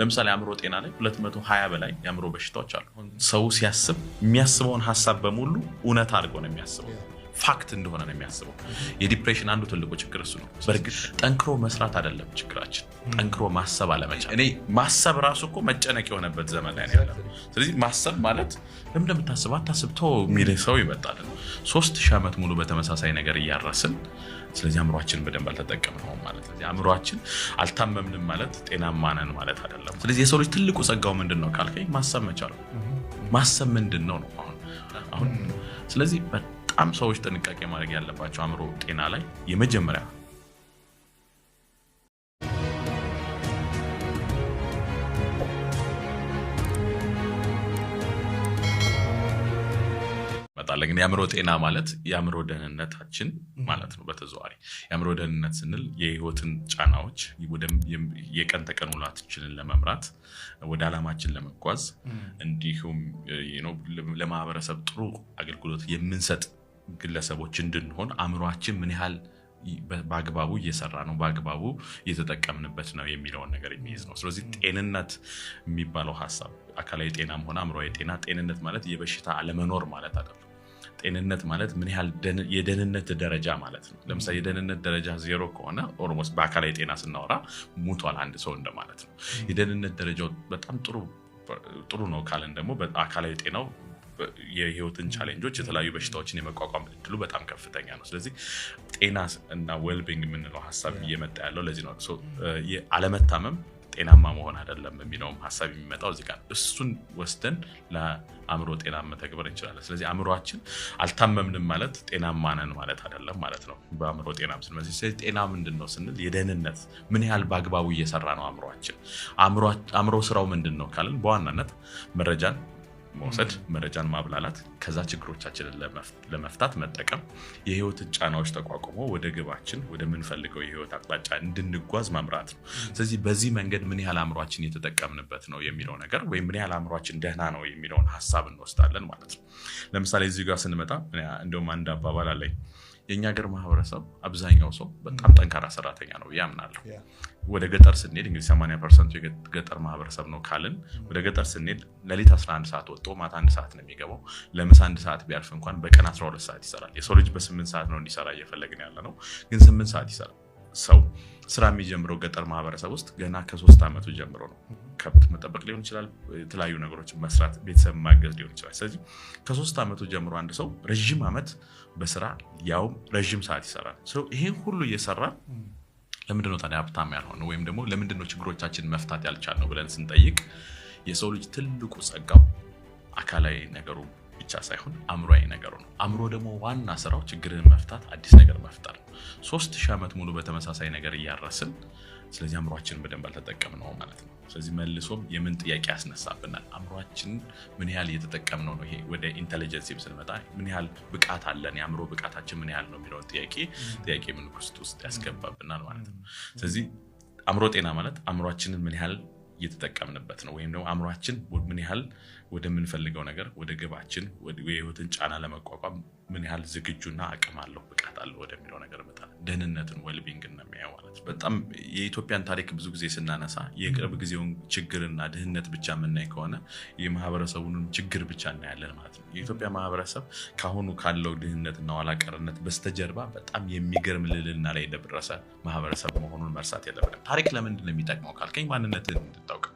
ለምሳሌ አእምሮ ጤና ላይ 220 በላይ የአእምሮ በሽታዎች አሉ። ሰው ሲያስብ የሚያስበውን ሀሳብ በሙሉ እውነት አድርጎ ነው የሚያስበው። ፋክት እንደሆነ ነው የሚያስበው። የዲፕሬሽን አንዱ ትልቁ ችግር እሱ ነው። በእርግጥ ጠንክሮ መስራት አይደለም ችግራችን፣ ጠንክሮ ማሰብ አለመቻል። እኔ ማሰብ ራሱ እኮ መጨነቅ የሆነበት ዘመን ላይ ነው ያለ። ስለዚህ ማሰብ ማለት ለምን የምታስብ አታስብ ሰው ይመጣል። ሶስት ሺህ ዓመት ሙሉ በተመሳሳይ ነገር እያረስን ስለዚህ አእምሯችን በደንብ አልተጠቀምነውም ማለት ነው። አእምሯችን አልታመምንም ማለት ጤናማ ነን ማለት አይደለም። ስለዚህ የሰው ልጅ ትልቁ ጸጋው ምንድን ነው ካልከኝ ማሰብ መቻሉ ማሰብ ምንድን ነው ነው አሁን አሁን ስለዚህ በጣም ሰዎች ጥንቃቄ ማድረግ ያለባቸው አእምሮ ጤና ላይ የመጀመሪያ ይመጣል ግን የአእምሮ ጤና ማለት የአእምሮ ደህንነታችን ማለት ነው። በተዘዋሪ የአእምሮ ደህንነት ስንል የህይወትን ጫናዎች የቀን ተቀን ውሏችንን ለመምራት ወደ አላማችን ለመጓዝ እንዲሁም ለማህበረሰብ ጥሩ አገልግሎት የምንሰጥ ግለሰቦች እንድንሆን አእምሯችን ምን ያህል በአግባቡ እየሰራ ነው፣ በአግባቡ እየተጠቀምንበት ነው የሚለውን ነገር የሚይዝ ነው። ስለዚህ ጤንነት የሚባለው ሀሳብ አካላዊ ጤናም ሆነ አእምሯዊ ጤና፣ ጤንነት ማለት የበሽታ አለመኖር ማለት አይደለም። ጤንነት ማለት ምን ያህል የደህንነት ደረጃ ማለት ነው። ለምሳሌ የደህንነት ደረጃ ዜሮ ከሆነ ኦልሞስት በአካላዊ ጤና ስናወራ ሙቷል አንድ ሰው እንደማለት ነው። የደህንነት ደረጃው በጣም ጥሩ ጥሩ ነው ካለን ደግሞ በአካላዊ ጤናው የህይወትን ቻሌንጆች፣ የተለያዩ በሽታዎችን የመቋቋም እድሉ በጣም ከፍተኛ ነው። ስለዚህ ጤና እና ዌልቢንግ የምንለው ሀሳብ እየመጣ ያለው ለዚህ ነው። አለመታመም ጤናማ መሆን አይደለም የሚለውም ሀሳብ የሚመጣው እዚህ ጋር እሱን ወስደን ለአእምሮ ጤና መተግበር እንችላለን። ስለዚህ አእምሯችን አልታመምንም ማለት ጤናማ ነን ማለት አይደለም ማለት ነው። በአእምሮ ጤና ስለዚህ ጤና ምንድን ነው ስንል የደህንነት ምን ያህል በአግባቡ እየሰራ ነው አእምሯችን አእምሮ ስራው ምንድን ነው ካለን በዋናነት መረጃን መውሰድ፣ መረጃን ማብላላት፣ ከዛ ችግሮቻችንን ለመፍታት መጠቀም፣ የህይወትን ጫናዎች ተቋቁሞ ወደ ግባችን ወደ ምንፈልገው የህይወት አቅጣጫ እንድንጓዝ መምራት ነው። ስለዚህ በዚህ መንገድ ምን ያህል አእምሯችን የተጠቀምንበት ነው የሚለው ነገር ወይም ምን ያህል አእምሯችን ደህና ነው የሚለውን ሀሳብ እንወስዳለን ማለት ነው። ለምሳሌ እዚህ ጋር ስንመጣ እንደውም አንድ አባባል አለኝ የእኛ ሀገር ማህበረሰብ አብዛኛው ሰው በጣም ጠንካራ ሰራተኛ ነው ያምናለሁ። ወደ ገጠር ስንሄድ እንግዲህ 8 ፐርሰንቱ የገጠር ማህበረሰብ ነው ካልን ወደ ገጠር ስንሄድ ሌሊት 11 ሰዓት ወጥቶ ማታ አንድ ሰዓት ነው የሚገባው። ለምስ አንድ ሰዓት ቢያልፍ እንኳን በቀን 12 ሰዓት ይሰራል። የሰው ልጅ በ8 ሰዓት ነው እንዲሰራ እየፈለግን ያለ ነው፣ ግን 8 ሰዓት ይሰራል። ሰው ስራ የሚጀምረው ገጠር ማህበረሰብ ውስጥ ገና ከሶስት ዓመቱ ጀምሮ ነው። ከብት መጠበቅ ሊሆን ይችላል፣ የተለያዩ ነገሮችን መስራት፣ ቤተሰብ ማገዝ ሊሆን ይችላል። ስለዚህ ከሶስት ዓመቱ ጀምሮ አንድ ሰው ረዥም ዓመት በስራ ያውም ረዥም ሰዓት ይሰራል። ይሄን ሁሉ እየሰራ ለምንድነው ነው ታዲያ ሀብታም ያልሆነ ወይም ደግሞ ለምንድን ነው ችግሮቻችን መፍታት ነው ብለን ስንጠይቅ የሰው ልጅ ትልቁ ጸጋው አካላዊ ነገሩ ብቻ ሳይሆን አእምሯዊ ነገሩ ነው። አእምሮ ደግሞ ዋና ስራው ችግርን መፍታት፣ አዲስ ነገር መፍጠር። ሶስት ሺህ ዓመት ሙሉ በተመሳሳይ ነገር እያረስን ስለዚህ አእምሯችንን በደንብ አልተጠቀምነው ማለት ነው። ስለዚህ መልሶም የምን ጥያቄ ያስነሳብናል? አእምሯችን ምን ያህል እየተጠቀምነው ነው? ይሄ ወደ ኢንቴሊጀንስ ስንመጣ ምን ያህል ብቃት አለን? የአእምሮ ብቃታችን ምን ያህል ነው የሚለውን ጥያቄ ጥያቄ ምንኩስት ውስጥ ያስገባብናል ማለት ነው። ስለዚህ አእምሮ ጤና ማለት አእምሯችንን ምን ያህል እየተጠቀምንበት ነው ወይም ደግሞ አእምሯችን ምን ያህል ወደምንፈልገው ነገር ወደ ግባችን የህይወትን ጫና ለመቋቋም ምን ያህል ዝግጁና አቅም አለው ብቃት አለው ወደሚለው ነገር መጣል ደህንነትን ወልቢንግ ነው ማለት በጣም የኢትዮጵያን ታሪክ ብዙ ጊዜ ስናነሳ የቅርብ ጊዜውን ችግርና ድህነት ብቻ የምናይ ከሆነ የማህበረሰቡንም ችግር ብቻ እናያለን ማለት ነው። የኢትዮጵያ ማህበረሰብ ከአሁኑ ካለው ድህነትና ዋላቀርነት በስተጀርባ በጣም የሚገርም ልልና ላይ የደረሰ ማህበረሰብ መሆኑን መርሳት የለብንም። ታሪክ ለምንድን የሚጠቅመው ካልከኝ ማንነትን እንድታውቅ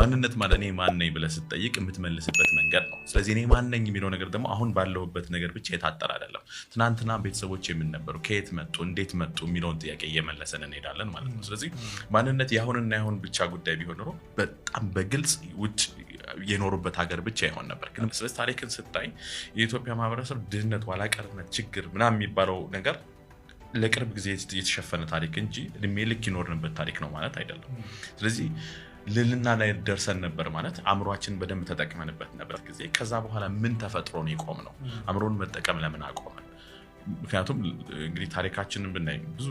ማንነት ማለት እኔ ማን ነኝ ብለህ ስትጠይቅ የምትመለ የምንመልስበት መንገድ ነው። ስለዚህ እኔ ማነኝ የሚለው ነገር ደግሞ አሁን ባለሁበት ነገር ብቻ የታጠር አይደለም። ትናንትና ቤተሰቦች የምንነበሩ ከየት መጡ፣ እንዴት መጡ የሚለውን ጥያቄ እየመለሰን እንሄዳለን ማለት ነው። ስለዚህ ማንነት የአሁንና የአሁን ብቻ ጉዳይ ቢሆን ኖሮ በጣም በግልጽ ውጭ የኖሩበት ሀገር ብቻ ይሆን ነበር። ግን ስለዚህ ታሪክን ስታይ የኢትዮጵያ ማህበረሰብ ድህነት፣ ኋላቀርነት፣ ችግር ምናምን የሚባለው ነገር ለቅርብ ጊዜ የተሸፈነ ታሪክ እንጂ እድሜ ልክ ይኖርንበት ታሪክ ነው ማለት አይደለም። ስለዚህ ልልና ላይ ደርሰን ነበር ማለት አእምሯችን በደንብ ተጠቅመንበት ነበር ጊዜ። ከዛ በኋላ ምን ተፈጥሮን ይቆም ነው? አእምሮን መጠቀም ለምን አቆምን? ምክንያቱም እንግዲህ ታሪካችንን ብናይ ብዙ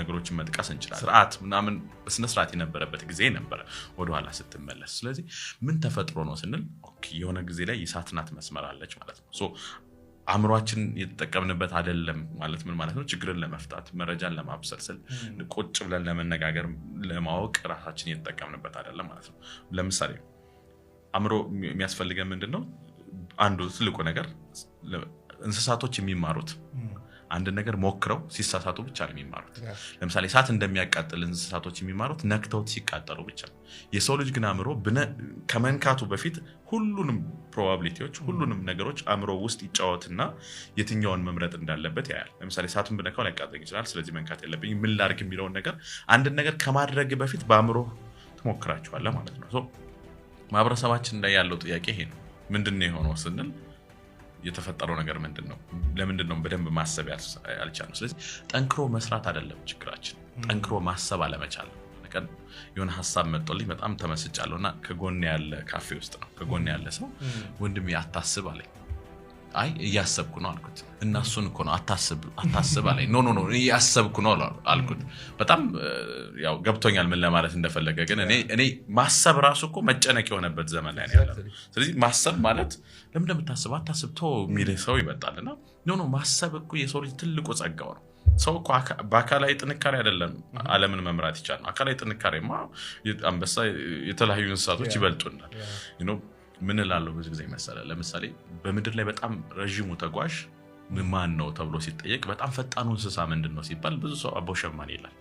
ነገሮችን መጥቀስ እንችላል ስርዓት ምናምን በስነስርዓት የነበረበት ጊዜ ነበረ ወደኋላ ስትመለስ። ስለዚህ ምን ተፈጥሮ ነው ስንል የሆነ ጊዜ ላይ የሳትናት መስመር አለች ማለት ነው። አእምሯችን የተጠቀምንበት አይደለም ማለት ምን ማለት ነው? ችግርን ለመፍታት መረጃን ለማብሰልሰል ቁጭ ብለን ለመነጋገር ለማወቅ ራሳችን የተጠቀምንበት አይደለም ማለት ነው። ለምሳሌ አእምሮ የሚያስፈልገን ምንድን ነው? አንዱ ትልቁ ነገር እንስሳቶች የሚማሩት አንድ ነገር ሞክረው ሲሳሳቱ ብቻ ነው የሚማሩት። ለምሳሌ እሳት እንደሚያቃጥል እንስሳቶች የሚማሩት ነክተውት ሲቃጠሉ ብቻ ነው። የሰው ልጅ ግን አእምሮ ከመንካቱ በፊት ሁሉንም ፕሮባብሊቲዎች፣ ሁሉንም ነገሮች አእምሮ ውስጥ ይጫወትና የትኛውን መምረጥ እንዳለበት ያያል። ለምሳሌ እሳቱን ብነካው ሊያቃጥለኝ ይችላል፣ ስለዚህ መንካት የለብኝ ምን ላርግ የሚለውን ነገር አንድን ነገር ከማድረግ በፊት በአእምሮ ትሞክራቸዋለ ማለት ነው። ማህበረሰባችን ላይ ያለው ጥያቄ ይሄ ነው። ምንድን የሆነው ስንል የተፈጠረው ነገር ምንድን ነው? ለምንድን ነው በደንብ ማሰብ ያልቻልነው? ስለዚህ ጠንክሮ መስራት አይደለም ችግራችን፣ ጠንክሮ ማሰብ አለመቻል ነው። ቀን የሆነ ሀሳብ መጦልኝ በጣም ተመስጫለሁ እና ከጎን ያለ ካፌ ውስጥ ነው ከጎን ያለ ሰው ወንድም ያታስብ አለኝ አይ እያሰብኩ ነው አልኩት። እና እሱን እኮ ነው አታስብ አለኝ። ኖ ኖ እያሰብኩ ነው አልኩት። በጣም ያው ገብቶኛል ምን ለማለት እንደፈለገ ግን እኔ ማሰብ ራሱ እኮ መጨነቅ የሆነበት ዘመን ላይ ያለ። ስለዚህ ማሰብ ማለት ለምን እንደምታስብ አታስብ ቶ የሚል ሰው ይመጣል እና ኖ ኖ ማሰብ እኮ የሰው ልጅ ትልቁ ጸጋው ነው። ሰው እኮ በአካላዊ ጥንካሬ አይደለም ዓለምን መምራት ይቻል ነው። አካላዊ ጥንካሬማ አንበሳ የተለያዩ እንስሳቶች ይበልጡናል ምን እላለሁ ብዙ ጊዜ መሰለ ለምሳሌ በምድር ላይ በጣም ረዥሙ ተጓዥ ማን ነው ተብሎ ሲጠየቅ በጣም ፈጣኑ እንስሳ ምንድን ነው ሲባል ብዙ ሰው አቦ ሸማኔ ይላል።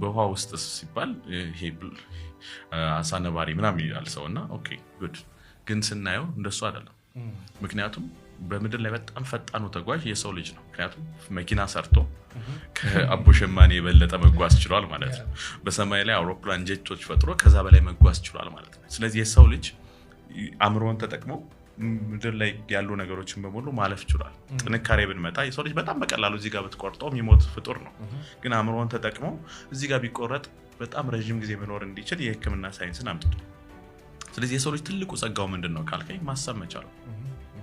በውሃ ውስጥ ሲባል አሳ ነባሪ ምናምን ይላል ሰው እና ግን ስናየው እንደሱ አይደለም ምክንያቱም በምድር ላይ በጣም ፈጣኑ ተጓዥ የሰው ልጅ ነው። ምክንያቱም መኪና ሰርቶ ከአቦ ሸማኔ የበለጠ መጓዝ ችሏል ማለት ነው። በሰማይ ላይ አውሮፕላን ጀቶች ፈጥሮ ከዛ በላይ መጓዝ ችሏል ማለት ነው። ስለዚህ የሰው ልጅ አእምሮን ተጠቅሞ ምድር ላይ ያሉ ነገሮችን በሙሉ ማለፍ ችሏል። ጥንካሬ ብንመጣ የሰው ልጅ በጣም በቀላሉ እዚህ ጋር ብትቆርጠው የሚሞት ፍጡር ነው። ግን አእምሮን ተጠቅሞ እዚህ ጋር ቢቆረጥ በጣም ረዥም ጊዜ መኖር እንዲችል የህክምና ሳይንስን አምጥቷል። ስለዚህ የሰው ልጅ ትልቁ ጸጋው ምንድን ነው ካልከኝ ማሰብ መቻሉ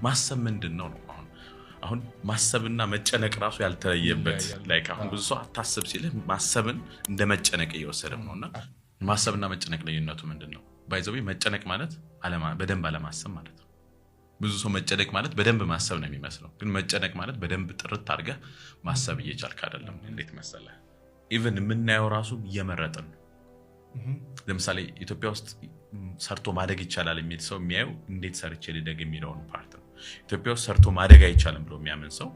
ማሰብ ምንድን ነው ነው አሁን አሁን ማሰብና መጨነቅ ራሱ ያልተለየበት ላይክ አሁን ብዙ ሰው አታስብ ሲል ማሰብን እንደ መጨነቅ እየወሰደም ነው እና ማሰብና መጨነቅ ልዩነቱ ምንድን ነው? ባይዘ መጨነቅ ማለት በደንብ አለማሰብ ማለት ነው። ብዙ ሰው መጨነቅ ማለት በደንብ ማሰብ ነው የሚመስለው፣ ግን መጨነቅ ማለት በደንብ ጥርት አድርገ ማሰብ እየቻልክ አደለም እንዴት መሰለ ኢቨን የምናየው ራሱ እየመረጥን ነው። ለምሳሌ ኢትዮጵያ ውስጥ ሰርቶ ማደግ ይቻላል የሚል ሰው የሚያየው እንዴት ሰርቼ ልደግ የሚለውን ፓርት ነው። ኢትዮጵያ ውስጥ ሰርቶ ማደግ አይቻልም ብሎ የሚያምን ሰው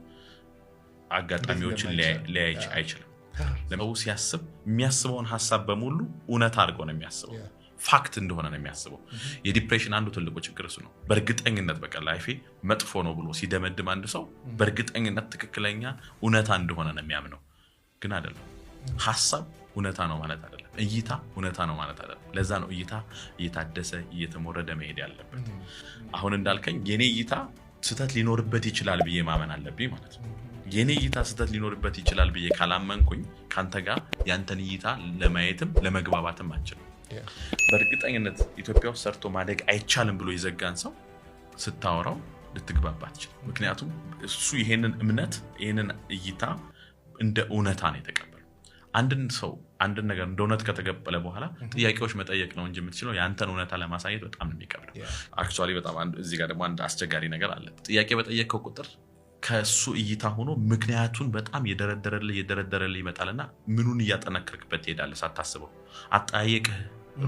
አጋጣሚዎችን ሊያይች አይችልም። ሰው ሲያስብ የሚያስበውን ሀሳብ በሙሉ እውነት አድርገው ነው የሚያስበው፣ ፋክት እንደሆነ ነው የሚያስበው። የዲፕሬሽን አንዱ ትልቁ ችግር እሱ ነው። በእርግጠኝነት በቀ ላይፌ መጥፎ ነው ብሎ ሲደመድም አንድ ሰው በእርግጠኝነት ትክክለኛ እውነታ እንደሆነ ነው የሚያምነው፣ ግን አይደለም ሀሳብ እውነታ ነው ማለት አይደለም። እይታ እውነታ ነው ማለት አይደለም። ለዛ ነው እይታ እየታደሰ እየተሞረደ መሄድ ያለበት። አሁን እንዳልከኝ የኔ እይታ ስህተት ሊኖርበት ይችላል ብዬ ማመን አለብኝ ማለት ነው። የኔ እይታ ስህተት ሊኖርበት ይችላል ብዬ ካላመንኩኝ ከአንተ ጋር ያንተን እይታ ለማየትም ለመግባባትም አንችልም። በእርግጠኝነት ኢትዮጵያ ውስጥ ሰርቶ ማደግ አይቻልም ብሎ የዘጋን ሰው ስታወራው ልትግባባ ትችል። ምክንያቱም እሱ ይሄንን እምነት ይሄንን እይታ እንደ እውነታ ነው የተቀበለው። አንድን ሰው አንድን ነገር እንደ እውነት በኋላ ጥያቄዎች መጠየቅ ነው እንጂ የምትችለው የአንተን እውነታ ለማሳየት በጣም የሚከብድ አክቹዋሊ፣ በጣም እዚህ ጋር ደግሞ አንድ አስቸጋሪ ነገር አለ። ጥያቄ በጠየቅከው ቁጥር ከእሱ እይታ ሆኖ ምክንያቱን በጣም የደረደረል የደረደረልህ ይመጣልና ምኑን እያጠነከርክበት ትሄዳለ ሳታስበው አጠያየቅህ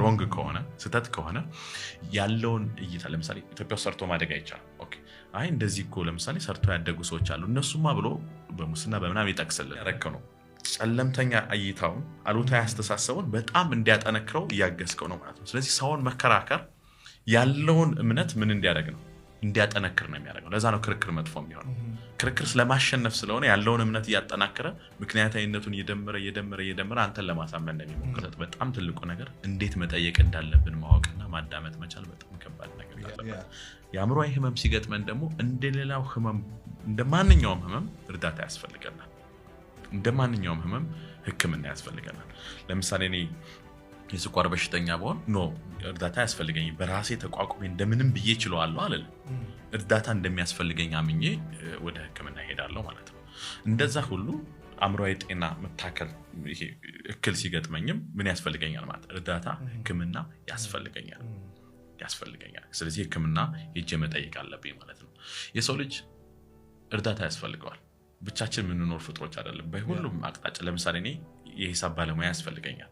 ሮንግ ከሆነ ስህተት ከሆነ ያለውን እይታ ለምሳሌ ኢትዮጵያ ሰርቶ ማደግ አይቻልም። አይ እንደዚህ እኮ ለምሳሌ ሰርቶ ያደጉ ሰዎች አሉ እነሱማ ብሎ በሙስና በምናም ይጠቅስልን ያረከው ነው ጨለምተኛ እይታውን አሉታዊ አስተሳሰቡን በጣም እንዲያጠነክረው እያገዝከው ነው ማለት ነው። ስለዚህ ሰውን መከራከር ያለውን እምነት ምን እንዲያደርግ ነው እንዲያጠነክር ነው የሚያደርገው። ለዛ ነው ክርክር መጥፎ የሚሆነው። ክርክር ስለማሸነፍ ስለሆነ ያለውን እምነት እያጠናከረ ምክንያታዊነቱን እየደመረ እየደመረ እየደመረ አንተን ለማሳመን ነው የሚሞክረው። በጣም ትልቁ ነገር እንዴት መጠየቅ እንዳለብን ማወቅና ማዳመጥ መቻል በጣም ከባድ ነገር አለበት። የአእምሯዊ ህመም ሲገጥመን ደግሞ እንደሌላው ህመም እንደ ማንኛውም ህመም እርዳታ ያስፈልገናል። እንደ ማንኛውም ህመም ህክምና ያስፈልገናል። ለምሳሌ እኔ የስኳር በሽተኛ በሆን ኖ እርዳታ ያስፈልገኝ በራሴ ተቋቁሜ እንደምንም ብዬ ችለዋለሁ አልልም። እርዳታ እንደሚያስፈልገኝ አምኜ ወደ ህክምና ይሄዳለሁ ማለት ነው። እንደዛ ሁሉ አእምሮዊ ጤና መታከል እክል ሲገጥመኝም ምን ያስፈልገኛል ማለት እርዳታ ህክምና ያስፈልገኛል ያስፈልገኛል። ስለዚህ ህክምና ሄጄ መጠየቅ አለብኝ ማለት ነው። የሰው ልጅ እርዳታ ያስፈልገዋል። ብቻችን የምንኖር ፍጥሮች አይደለም። በሁሉም አቅጣጫ ለምሳሌ እኔ የሂሳብ ባለሙያ ያስፈልገኛል።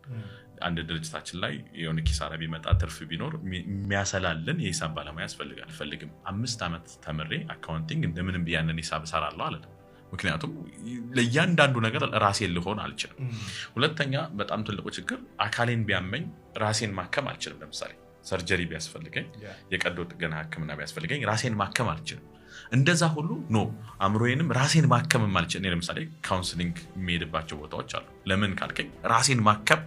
አንድ ድርጅታችን ላይ የሆነ ኪሳራ ቢመጣ ትርፍ ቢኖር የሚያሰላልን የሂሳብ ባለሙያ ያስፈልጋል። ፈልግም አምስት ዓመት ተምሬ አካውንቲንግ እንደምንም ብያንን ሂሳብ እሰራለሁ አለ። ምክንያቱም ለእያንዳንዱ ነገር ራሴን ልሆን አልችልም። ሁለተኛ በጣም ትልቁ ችግር አካሌን ቢያመኝ ራሴን ማከም አልችልም። ለምሳሌ ሰርጀሪ ቢያስፈልገኝ፣ የቀዶ ጥገና ህክምና ቢያስፈልገኝ ራሴን ማከም አልችልም። እንደዛ ሁሉ ኖ አእምሮዬንም ራሴን ማከም ማልችል። እኔ ለምሳሌ ካውንስሊንግ የሚሄድባቸው ቦታዎች አሉ። ለምን ካልከኝ ራሴን ማከም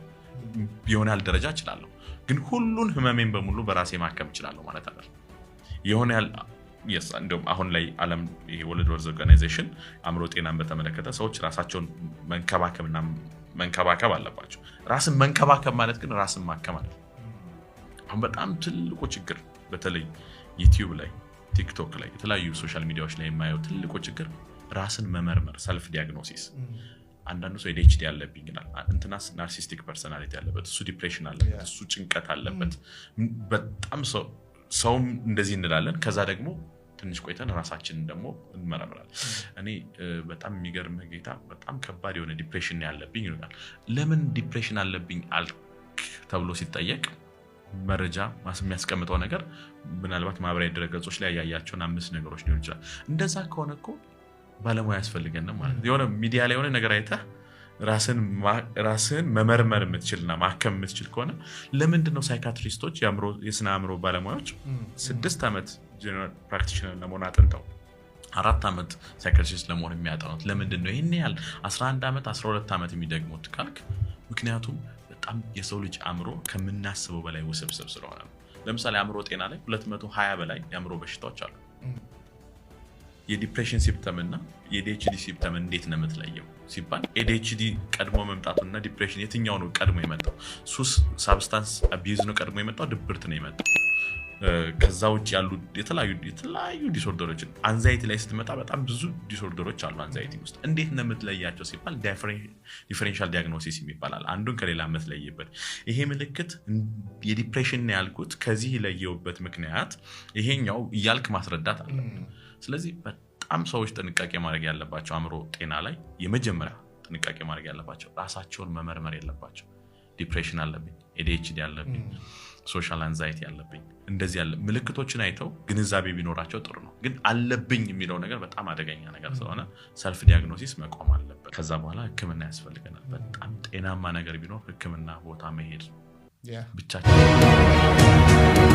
የሆነ ደረጃ እችላለሁ፣ ግን ሁሉን ህመሜን በሙሉ በራሴ ማከም እችላለሁ ማለት አለ የሆነ ያል እንዲሁም አሁን ላይ ዓለም ወርልድ ሄልዝ ኦርጋናይዜሽን አእምሮ ጤናን በተመለከተ ሰዎች ራሳቸውን መንከባከብና መንከባከብ አለባቸው። ራስን መንከባከብ ማለት ግን ራስን ማከም አለ። አሁን በጣም ትልቁ ችግር በተለይ ዩቲዩብ ላይ ቲክቶክ ላይ የተለያዩ ሶሻል ሚዲያዎች ላይ የማየው ትልቁ ችግር ራስን መመርመር ሰልፍ ዲያግኖሲስ። አንዳንዱ ሰው ኤዲኤችዲ አለብኝ ይላል። ናርሲስቲክ ፐርሶናሊቲ አለበት፣ እሱ ዲፕሬሽን አለበት፣ እሱ ጭንቀት አለበት። በጣም ሰውም እንደዚህ እንላለን። ከዛ ደግሞ ትንሽ ቆይተን ራሳችንን ደግሞ እንመረምራል እኔ በጣም የሚገርምህ ጌታ በጣም ከባድ የሆነ ዲፕሬሽን ያለብኝ ይሉኛል። ለምን ዲፕሬሽን አለብኝ አልክ ተብሎ ሲጠየቅ መረጃ የሚያስቀምጠው ነገር ምናልባት ማህበራዊ ድረገጾች ላይ ያያቸውን አምስት ነገሮች ሊሆን ይችላል። እንደዛ ከሆነ እኮ ባለሙያ ያስፈልገንም ማለት የሆነ ሚዲያ ላይ የሆነ ነገር አይተህ ራስን መመርመር የምትችልና ማከም የምትችል ከሆነ ለምንድን ነው ሳይካትሪስቶች የስነ አእምሮ ባለሙያዎች ስድስት ዓመት ጀነራል ፕራክቲሽነር ለመሆን አጥንተው አራት ዓመት ሳይካትሪስት ለመሆን የሚያጠኑት? ለምንድን ነው ይህን ያህል 11 ዓመት 12 ዓመት የሚደግሙት ካልክ ምክንያቱም በጣም የሰው ልጅ አእምሮ ከምናስበው በላይ ውስብስብ ስለሆነ ነው። ለምሳሌ አእምሮ ጤና ላይ 220 በላይ የአእምሮ በሽታዎች አሉ። የዲፕሬሽን ሲምፕተም እና የዲኤችዲ ሲምፕተም እንዴት ነው የምትለየው ሲባል ኤዲኤችዲ ቀድሞ መምጣቱና ዲፕሬሽን የትኛው ነው ቀድሞ የመጣው? ሱስ ሳብስታንስ አቢዩዝ ነው ቀድሞ የመጣው? ድብርት ነው የመጣው? ከዛ ውጭ ያሉ የተለያዩ የተለያዩ ዲስኦርደሮችን አንዛይቲ ላይ ስትመጣ በጣም ብዙ ዲስኦርደሮች አሉ። አንዛይቲ ውስጥ እንዴት ነው የምትለያቸው ሲባል ዲፈረንሻል ዲያግኖሲስ ይባላል። አንዱን ከሌላ የምትለይበት ይሄ ምልክት የዲፕሬሽን ነው ያልኩት። ከዚህ ለየውበት ምክንያት ይሄኛው እያልክ ማስረዳት አለ። ስለዚህ በጣም ሰዎች ጥንቃቄ ማድረግ ያለባቸው አእምሮ ጤና ላይ የመጀመሪያ ጥንቃቄ ማድረግ ያለባቸው ራሳቸውን መመርመር የለባቸው ዲፕሬሽን አለብኝ ኤዲኤችዲ ያለብኝ ሶሻል አንዛይቲ ያለብኝ እንደዚህ ያለ ምልክቶችን አይተው ግንዛቤ ቢኖራቸው ጥሩ ነው። ግን አለብኝ የሚለው ነገር በጣም አደገኛ ነገር ስለሆነ ሰልፍ ዲያግኖሲስ መቆም አለበት። ከዛ በኋላ ህክምና ያስፈልገናል። በጣም ጤናማ ነገር ቢኖር ህክምና ቦታ መሄድ ብቻቸው